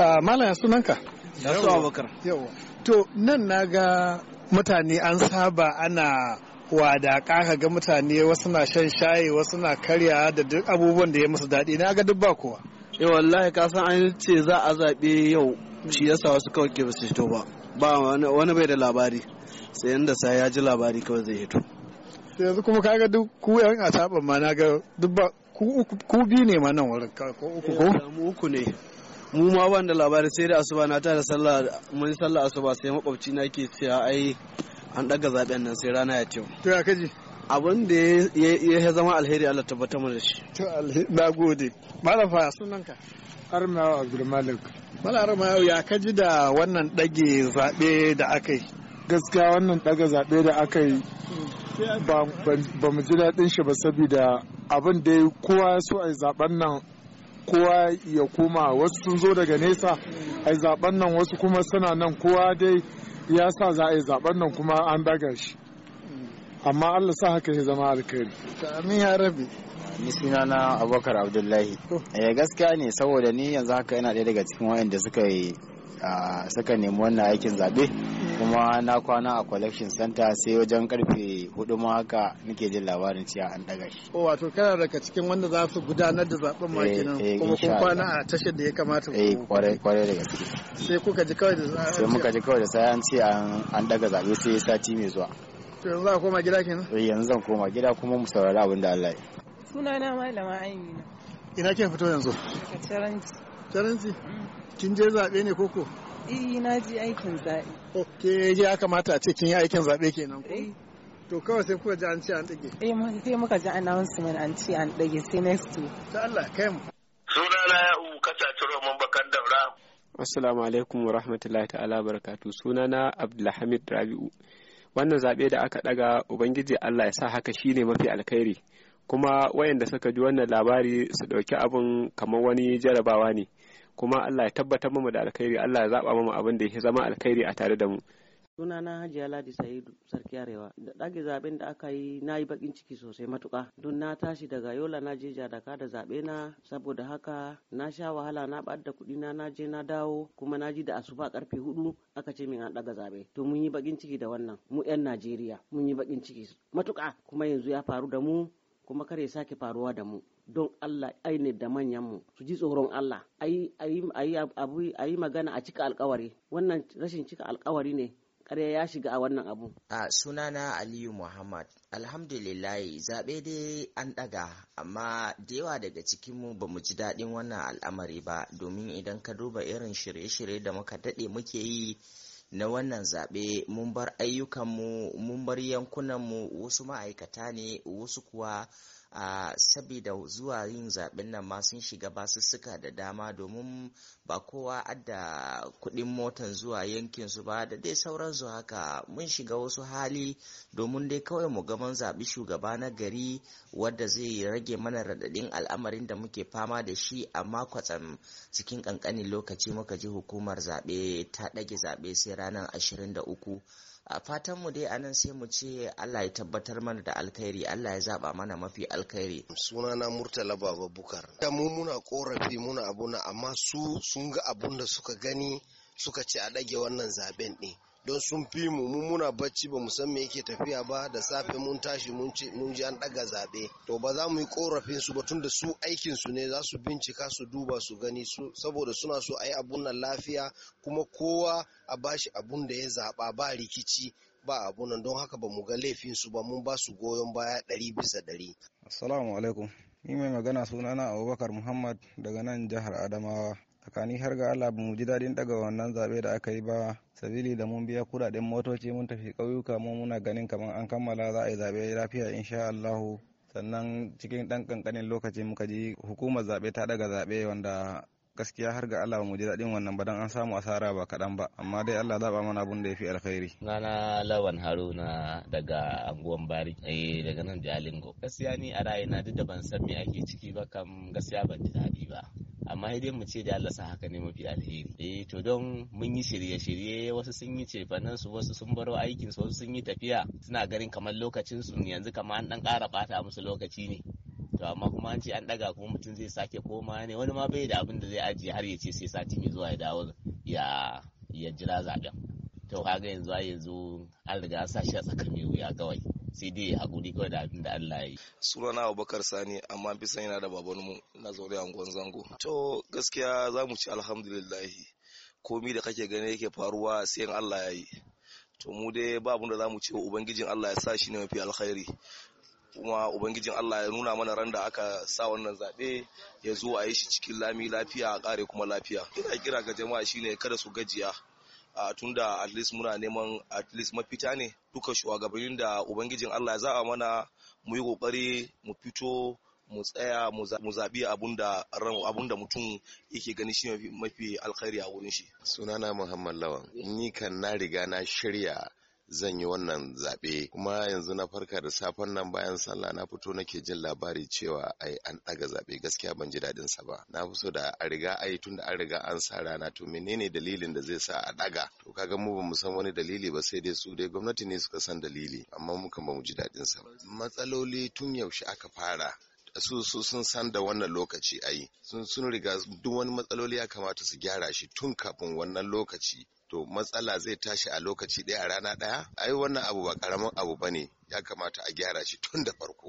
Ah, malaya sunanka yasu abubakar yawa to nan na ga mutane an saba ana wada kaka ga mutane wasu na shan shayi wasu na karya da duk abubuwan da ya musu daɗi na ga duk ba kowa eh wallahi ka san an ce za a zaɓe yau shi yasa wasu kawai ke basu fito ba ba wani bai da labari sai yanda sa ya ji labari kawai zai fito yanzu kuma ka ga duk ku yan asaban ma na ga duk ba ku biyu ne ma nan wurin ko uku ko eh, uku ne mu ma ban da labari sai da asuba na ta da sallah mun sallah asuba sai makwabci na ke cewa ai an daga zaben nan sai rana ya ce to ya kaji abin da ya zama alheri Allah tabbata mana shi to alheri na gode malam fa ka armawa abdulmalik malam armawa ya kaji da wannan dage zabe da aka yi gaskiya wannan daga zabe da aka yi ba mu ji daɗin shi ba saboda abin da kowa so a zaben nan kowa ya koma wasu sun zo daga nesa a zaben nan wasu kuma suna nan kowa dai ya sa za a yi zaben nan kuma an daga shi amma allah sa haka ya zama alkhairi amin ya rabi ni suna na abubakar abdullahi ya eh, gaskiya ne saboda ni yanzu haka yana daya daga cikin waɗanda suka yi ah, suka nemi wannan aikin zaɓe kuma na kwana a collection center sai wajen karfe hudu ma haka nike jin labarin cewa an daga shi o oh, wato kana daga cikin wanda za su gudanar da zaben ma eh, kenan eh, kuma kun kwana a tashar da ya kamata eh kwarai kware da gaske sai kuka ji kawai da sai muka ji kawai da sai an ce an daga zabe sai sati mai zuwa to yanzu za koma gida kenan eh yanzu zan koma gida kuma mu saurari abin da Allah ya sunana malama Aminu. ina ke fito yanzu Taranci Taranci mm. kin je zabe ne koko Eh na je aikin zaɓe. Ok ya kamata a ce kin yi aikin zaɓe kenan ko? Eh. To kawai sai kuka ji an ce an ɗage. Eh sai muka ji announcement an ce an ɗage sai next week. Ta Allah kai mu. Sunana ya umu kasa ciro man bakan daura. Assalamu alaikum wa rahmatullahi ta'ala barakatu sunana Abdulhamid Rabi'u. Wannan zaɓe da aka ɗaga Ubangiji Allah ya sa haka shine mafi alkhairi. kuma wayanda suka ji wannan labari su ɗauki abin kamar wani jarabawa ne kuma Allah ya tabbatar mu da alkhairi Allah ya zaba mu abin da yake zama alkhairi a tare da mu sunana hajiya ladi sa'idu sarki arewa da ɗage zaɓen da aka yi na yi bakin ciki sosai matuƙa don na tashi daga yola na je jadaka da zaɓe na saboda haka na sha wahala na ɓad da kuɗi na je na dawo kuma na ji da asuba karfe hudu aka ce min an ɗaga zaɓe to mun yi bakin ciki da wannan mu 'yan najeriya mun yi bakin ciki matuƙa kuma yanzu ya faru da mu kuma kar ya sake faruwa da mu don Allah ai ne da manyanmu su ji tsoron Allah a ayi magana a cika alkawari wannan rashin cika alkawari ne karya ya shiga a wannan abu. A sunana Aliyu Muhammad, alhamdulillahi zaɓe dai an ɗaga, amma da yawa daga cikinmu ba mu ji daɗin wannan al'amari ba, domin idan ka duba irin shirye-shirye da muka daɗe muke yi na wannan zaɓe mun bar ayyukanmu, mun bar yankunanmu, wasu ma'aikata ne, wasu kuwa a sabida zuwa yin zaɓen nan ma sun shiga basussuka da dama domin ba kowa adda kuɗin motan zuwa yankin su ba da dai sauransu haka mun shiga wasu hali domin dai kawai mu gaban zaɓi shugaba na gari wadda zai rage mana raɗaɗin al'amarin da muke fama da shi amma kwatsam cikin ƙanƙanin lokaci muka ji hukumar zaɓe ta ɗage zaɓe sai ranar ashirin da uku. a fatanmu dai anan sai mu ce Allah ya tabbatar mana da alkhairi Allah ya zaba mana mafi alkhairi sunana Murtala Baba Bukar da mu muna korafi muna abuna amma su sun ga abun da suka gani suka ce a dage wannan zaben ɗin don sun fi mu mun muna bacci ba mu san me yake tafiya ba da safe mun tashi mun ji an daga zaɓe to ba za mu yi korafin su ba tun da su aikin su ne za su bincika su duba su gani su saboda suna so a yi abun nan lafiya kuma kowa a bashi abun da ya zaɓa ba rikici ba abun nan don haka ba mu ga laifin su ba mun ba su goyon baya ɗari bisa ɗari. Assalamu alaikum. Ni mai magana sunana Abubakar Muhammad daga nan jihar Adamawa. tsakani har ga Allah mu ji daɗin daga wannan zaɓe da aka yi ba sabili da mun biya kudaden motoci mun tafi ƙauyuka mu muna ganin kamar an kammala za a yi zaɓe lafiya insha Allahu sannan cikin ɗan ƙanƙanin lokaci muka ji hukumar zaɓe ta daga zaɓe wanda gaskiya har ga Allah mu ji daɗin wannan ba dan an samu asara ba kaɗan ba amma dai Allah zaba mana abun da ya fi alkhairi. na Lawan Haruna daga anguwan Bari eh daga nan Jalingo. Gaskiya ni a ra'ayina duk da ban san me ake ciki ba kam gaskiya ban ji daɗi ba. amma dai mu ce da Allah sa haka ne mafi alheri eh to don mun yi shirye-shirye wasu sun yi cefanen su wasu sun baro aikin su wasu sun yi tafiya suna garin kamar lokacin su yanzu kamar an dan ƙara bata musu lokaci ne to amma kuma an ce an daga kuma mutum zai sake koma ne wani ma bai da abin da zai ajiye har ya ce sai sati mai zuwa ya dawo ya ya jira zaben to kaga yanzu yanzu an riga sa shi a tsaka mai wuya kawai sai dai a gudi kawai da abin da Allah ya yi. Sunana Abubakar Sani amma fi san yana da babanmu na zaune a unguwar Zango. To gaskiya za mu ci alhamdulillahi komi da kake gani yake faruwa sai in Allah ya yi. To mu dai ba da za mu ce wa Ubangijin Allah ya sa shi ne mafi alkhairi. kuma ubangijin Allah ya nuna mana ran da aka sa wannan zaɓe ya zo a yi shi cikin lami lafiya a ƙare kuma lafiya ina kira ga jama'a shine kada su gajiya a tunda at least muna neman at least mafita ne duka shugabannin da ubangijin Allah za za'a mana mu yi kokari mu fito mu tsaya mu zaɓi abun da mutum yake gani shi mafi alkhairi a wurin shi. Sunana Muhammad Lawan, ni kan na riga na shirya zan yi wannan zaɓe kuma yanzu na farka da safen nan bayan sallah na fito nake jin labari cewa ai an ɗaga zaɓe gaskiya ban ji daɗin sa ba na fi so da a riga ai tun da an riga an sa rana to menene dalilin da zai sa a ɗaga to kaga mu ba mu san wani dalili ba sai dai su dai gwamnati ne suka san dalili amma mu kan ba mu ji daɗin sa ba matsaloli tun yaushe aka fara su su sun san da wannan lokaci ayi. sun sun riga duk wani matsaloli ya kamata su gyara shi tun kafin wannan lokaci to matsala zai tashi a lokaci ɗaya a rana ɗaya ai wannan abu ba karamin abu bane ya kamata a gyara shi tun da farko